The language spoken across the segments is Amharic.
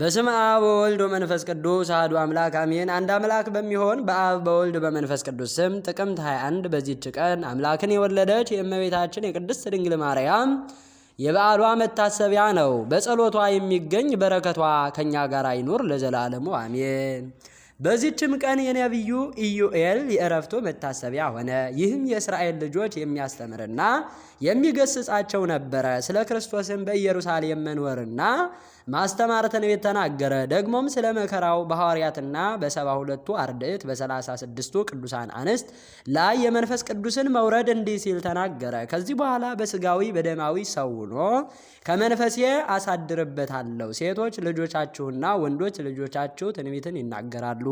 በስም አብ ወልድ ወመንፈስ ቅዱስ አህዱ አምላክ አሜን። አንድ አምላክ በሚሆን በአብ በወልድ በመንፈስ ቅዱስ ስም ጥቅምት 21 በዚች ቀን አምላክን የወለደች የእመቤታችን የቅድስት ድንግል ማርያም የበዓሏ መታሰቢያ ነው። በጸሎቷ የሚገኝ በረከቷ ከእኛ ጋር ይኑር ለዘላለሙ አሜን። በዚችም ቀን የነቢዩ ኢዩኤል የእረፍቱ መታሰቢያ ሆነ። ይህም የእስራኤል ልጆች የሚያስተምርና የሚገስጻቸው ነበረ። ስለ ክርስቶስም በኢየሩሳሌም መኖርና ማስተማር ትንቢት ተናገረ። ደግሞም ስለ መከራው በሐዋርያትና በሰባ ሁለቱ አርድእት በሰላሳ ስድስቱ ቅዱሳን አንስት ላይ የመንፈስ ቅዱስን መውረድ እንዲህ ሲል ተናገረ። ከዚህ በኋላ በስጋዊ በደማዊ ሰውኖ ከመንፈሴ አሳድርበታለሁ። ሴቶች ልጆቻችሁና ወንዶች ልጆቻችሁ ትንቢትን ይናገራሉ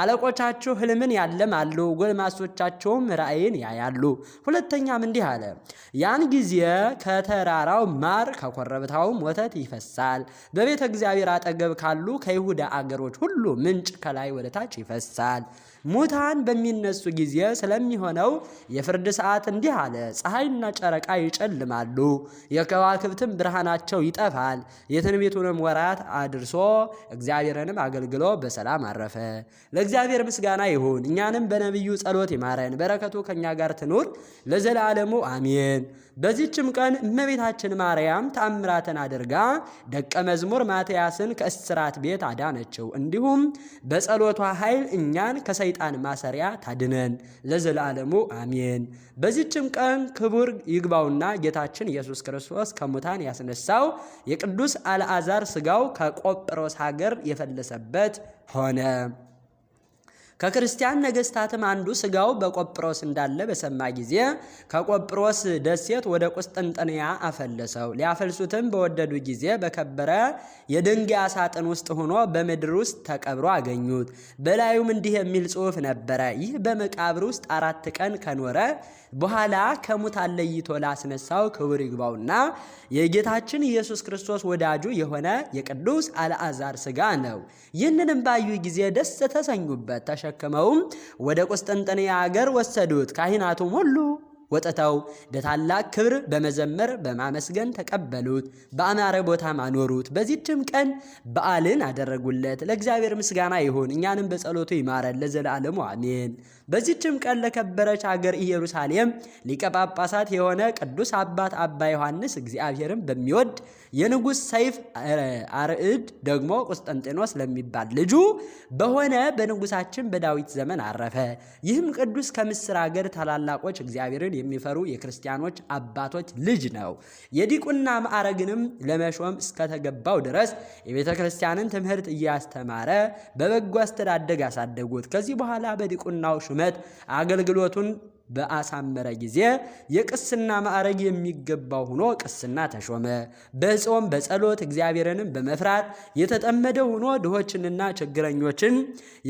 አለቆቻቸው ህልምን ያለማሉ፣ ጎልማሶቻቸውም ራእይን ያያሉ። ሁለተኛም እንዲህ አለ፣ ያን ጊዜ ከተራራው ማር ከኮረብታውም ወተት ይፈሳል። በቤተ እግዚአብሔር አጠገብ ካሉ ከይሁዳ አገሮች ሁሉ ምንጭ ከላይ ወደታች ይፈሳል። ሙታን በሚነሱ ጊዜ ስለሚሆነው የፍርድ ሰዓት እንዲህ አለ፣ ፀሐይና ጨረቃ ይጨልማሉ፣ የከዋክብትም ብርሃናቸው ይጠፋል። የትንቢቱንም ወራት አድርሶ እግዚአብሔርንም አገልግሎ በሰላም አረፈ። ለእግዚአብሔር ምስጋና ይሁን። እኛንም በነቢዩ ጸሎት ይማረን፣ በረከቱ ከእኛ ጋር ትኑር ለዘላለሙ አሜን። በዚችም ቀን እመቤታችን ማርያም ተአምራትን አድርጋ ደቀ መዝሙር ማትያስን ከእስራት ቤት አዳነችው። እንዲሁም በጸሎቷ ኃይል እኛን ከሰይጣን ማሰሪያ ታድነን ለዘላለሙ አሜን። በዚችም ቀን ክቡር ይግባውና ጌታችን ኢየሱስ ክርስቶስ ከሙታን ያስነሳው የቅዱስ አልአዛር ስጋው ከቆጵሮስ ሀገር የፈለሰበት ሆነ። ከክርስቲያን ነገስታትም አንዱ ስጋው በቆጵሮስ እንዳለ በሰማ ጊዜ ከቆጵሮስ ደሴት ወደ ቁስጥንጥንያ አፈለሰው። ሊያፈልሱትም በወደዱ ጊዜ በከበረ የድንጋይ ሳጥን ውስጥ ሆኖ በምድር ውስጥ ተቀብሮ አገኙት። በላዩም እንዲህ የሚል ጽሑፍ ነበረ። ይህ በመቃብር ውስጥ አራት ቀን ከኖረ በኋላ ከሙታን ለይቶ ላስነሳው ክብር ይግባውና የጌታችን ኢየሱስ ክርስቶስ ወዳጁ የሆነ የቅዱስ አልዓዛር ስጋ ነው። ይህንንም ባዩ ጊዜ ደስ ተሰኙበት። ተሸክመውም ወደ ቁስጥንጥንያ አገር ወሰዱት። ካህናቱም ሁሉ ወጥተው በታላቅ ክብር በመዘመር በማመስገን ተቀበሉት፣ በአማረ ቦታም አኖሩት። በዚችም ቀን በዓልን አደረጉለት። ለእግዚአብሔር ምስጋና ይሁን፣ እኛንም በጸሎቱ ይማረን ለዘላለሙ አሜን። በዚህችም ቀን ለከበረች አገር ኢየሩሳሌም ሊቀ ጳጳሳት የሆነ ቅዱስ አባት አባ ዮሐንስ እግዚአብሔርን በሚወድ የንጉሥ ሰይፍ አርዕድ ደግሞ ቆስጠንጢኖስ ለሚባል ልጁ በሆነ በንጉሳችን በዳዊት ዘመን አረፈ። ይህም ቅዱስ ከምስር አገር ታላላቆች እግዚአብሔርን የሚፈሩ የክርስቲያኖች አባቶች ልጅ ነው። የዲቁና ማዕረግንም ለመሾም እስከተገባው ድረስ የቤተ ክርስቲያንን ትምህርት እያስተማረ በበጎ አስተዳደግ አሳደጉት። ከዚህ በኋላ በዲቁናው ሹመት አገልግሎቱን በአሳመረ ጊዜ የቅስና ማዕረግ የሚገባው ሆኖ ቅስና ተሾመ። በጾም በጸሎት እግዚአብሔርንም በመፍራት የተጠመደ ሆኖ ድሆችንና ችግረኞችን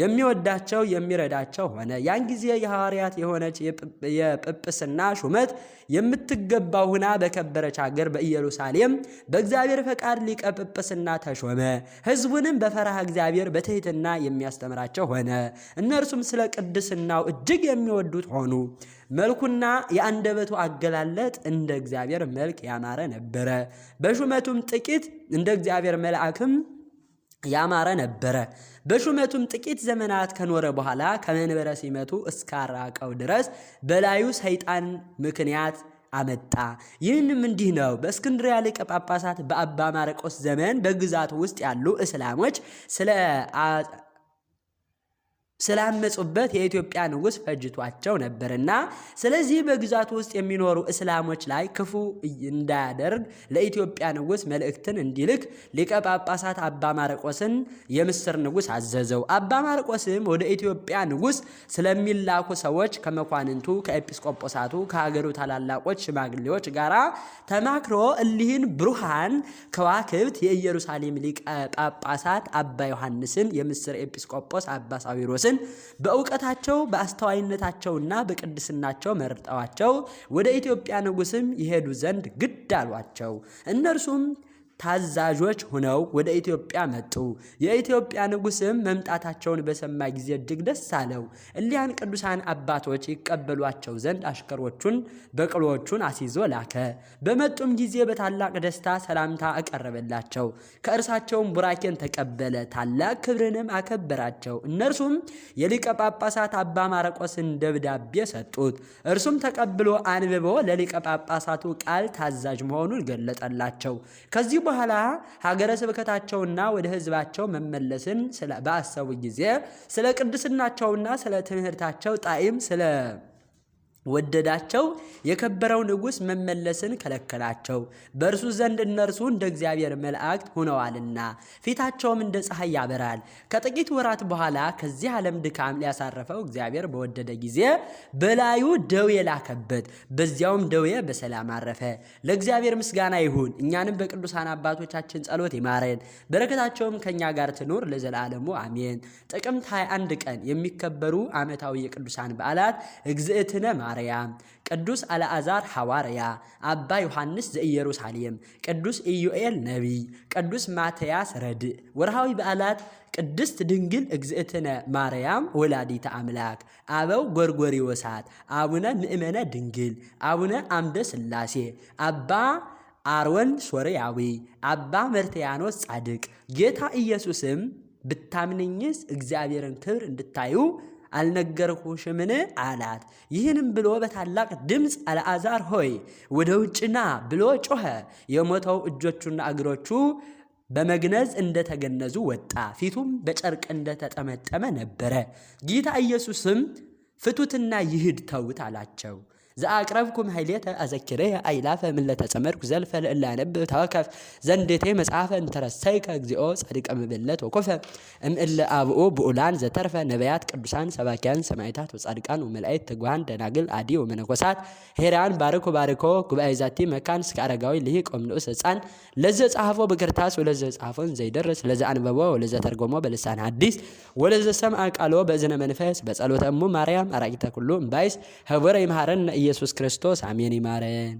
የሚወዳቸው የሚረዳቸው ሆነ። ያን ጊዜ የሐዋርያት የሆነች የጵጵስና ሹመት የምትገባው ሁና በከበረች አገር በኢየሩሳሌም በእግዚአብሔር ፈቃድ ሊቀ ጵጵስና ተሾመ። ሕዝቡንም በፈራህ እግዚአብሔር በትሕትና የሚያስተምራቸው ሆነ። እነርሱም ስለ ቅድስናው እጅግ የሚወዱት ሆኑ። መልኩና የአንደበቱ አገላለጥ እንደ እግዚአብሔር መልክ ያማረ ነበረ። በሹመቱም ጥቂት እንደ እግዚአብሔር መልአክም ያማረ ነበረ። በሹመቱም ጥቂት ዘመናት ከኖረ በኋላ ከመንበረ ሲመቱ እስካራቀው ድረስ በላዩ ሰይጣን ምክንያት አመጣ። ይህንም እንዲህ ነው። በእስክንድሪያ ሊቀ ጳጳሳት በአባ ማርቆስ ዘመን በግዛቱ ውስጥ ያሉ እስላሞች ስለ ስላመፁበት የኢትዮጵያ ንጉሥ ፈጅቷቸው ነበርና፣ ስለዚህ በግዛቱ ውስጥ የሚኖሩ እስላሞች ላይ ክፉ እንዳያደርግ ለኢትዮጵያ ንጉሥ መልእክትን እንዲልክ ሊቀ ጳጳሳት አባ ማርቆስን የምስር ንጉሥ አዘዘው። አባ ማርቆስም ወደ ኢትዮጵያ ንጉሥ ስለሚላኩ ሰዎች ከመኳንንቱ፣ ከኤጲስቆጶሳቱ፣ ከሀገሩ ታላላቆች ሽማግሌዎች ጋር ተማክሮ እሊህን ብሩሃን ከዋክብት የኢየሩሳሌም ሊቀ ጳጳሳት አባ ዮሐንስን፣ የምስር ኤጲስቆጶስ አባ ሳዊሮስን ግን በእውቀታቸው በአስተዋይነታቸውና በቅድስናቸው መርጠዋቸው ወደ ኢትዮጵያ ንጉሥም ይሄዱ ዘንድ ግድ አሏቸው። እነርሱም ታዛዦች ሆነው ወደ ኢትዮጵያ መጡ። የኢትዮጵያ ንጉሥም መምጣታቸውን በሰማ ጊዜ እጅግ ደስ አለው። እሊያን ቅዱሳን አባቶች ይቀበሏቸው ዘንድ አሽከሮቹን በቅሎቹን አስይዞ ላከ። በመጡም ጊዜ በታላቅ ደስታ ሰላምታ አቀረበላቸው። ከእርሳቸውም ቡራኬን ተቀበለ፣ ታላቅ ክብርንም አከበራቸው። እነርሱም የሊቀ ጳጳሳት አባ ማረቆስን ደብዳቤ ሰጡት። እርሱም ተቀብሎ አንብቦ ለሊቀ ጳጳሳቱ ቃል ታዛዥ መሆኑን ገለጠላቸው። ከዚህ በኋላ ሀገረ ስብከታቸውና ወደ ህዝባቸው መመለስን ባሰቡ ጊዜ ስለ ቅድስናቸውና ስለ ትምህርታቸው ጣዕም ስለ ወደዳቸው የከበረው ንጉሥ መመለስን ከለከላቸው፣ በእርሱ ዘንድ እነርሱ እንደ እግዚአብሔር መላእክት ሆነዋልና ፊታቸውም እንደ ፀሐይ ያበራል። ከጥቂት ወራት በኋላ ከዚህ ዓለም ድካም ሊያሳረፈው እግዚአብሔር በወደደ ጊዜ በላዩ ደዌ ላከበት፣ በዚያውም ደዌ በሰላም አረፈ። ለእግዚአብሔር ምስጋና ይሁን፣ እኛንም በቅዱሳን አባቶቻችን ጸሎት ይማረን፣ በረከታቸውም ከእኛ ጋር ትኑር ለዘላለሙ አሜን። ጥቅምት 21 ቀን የሚከበሩ ዓመታዊ የቅዱሳን በዓላት እግዝእትነ ሐዋርያ፣ ቅዱስ አልዓዛር ሐዋርያ፣ አባ ዮሐንስ ዘኢየሩሳሌም፣ ቅዱስ ኢዩኤል ነቢይ፣ ቅዱስ ማትያስ ረድእ። ወርሃዊ በዓላት ቅድስት ድንግል እግዝእትነ ማርያም ወላዲተ አምላክ፣ አበው ወሳት አቡነ ምእመነ ድንግል፣ አቡነ አምደ ሥላሴ፣ አባ አሮን ሶርያዊ፣ አባ መርትያኖስ ጻድቅ። ጌታ ኢየሱስም ብታምንኝስ እግዚአብሔርን ክብር እንድታዩ አልነገርኩሽምን አላት። ይህንም ብሎ በታላቅ ድምፅ አልዓዛር ሆይ ወደ ውጭና ብሎ ጮኸ። የሞተው እጆቹና እግሮቹ በመግነዝ እንደተገነዙ ወጣ፣ ፊቱም በጨርቅ እንደተጠመጠመ ነበረ። ጌታ ኢየሱስም ፍቱትና ይሂድ ተውት አላቸው። ዘአቅረብኩም ሃይሌተ አዘኪሬየ አይላፈ ምለተ ጸመድኩ ዘልፈ ለእለ አነብብ ተወከፍ ዘንዴቴ መጽሐፈ እንተረሰይከ እግዚኦ ጻድቀ ምብለት ወኮፈ እምእለ አብኡ ብኡላን ዘተርፈ ነቢያት ቅዱሳን ሰባኪያን ሰማዕታት ወጻድቃን ወመላእክት ትጉሃን ደናግል አዲ ወመነኮሳት ሄራን ባርኮ ባርኮ ጉባኤ ዛቲ መካን እስከ አረጋዊ ልሂቅ ወምንኡስ ህፃን ለዘ ጻሐፎ በክርታስ ወለዘ ጻፎን ዘይደርስ ለዘ አንበቦ ወለዘ ተርጎሞ በልሳን ሐዲስ ወለዘ ሰምዐ ቃሎ በእዝነ መንፈስ በጸሎተ እሙ ማርያም አራቂተ ኩሉ እምባይስ ህቡረ ይምሃረን ኢየሱስ ክርስቶስ አሜን ይማረን።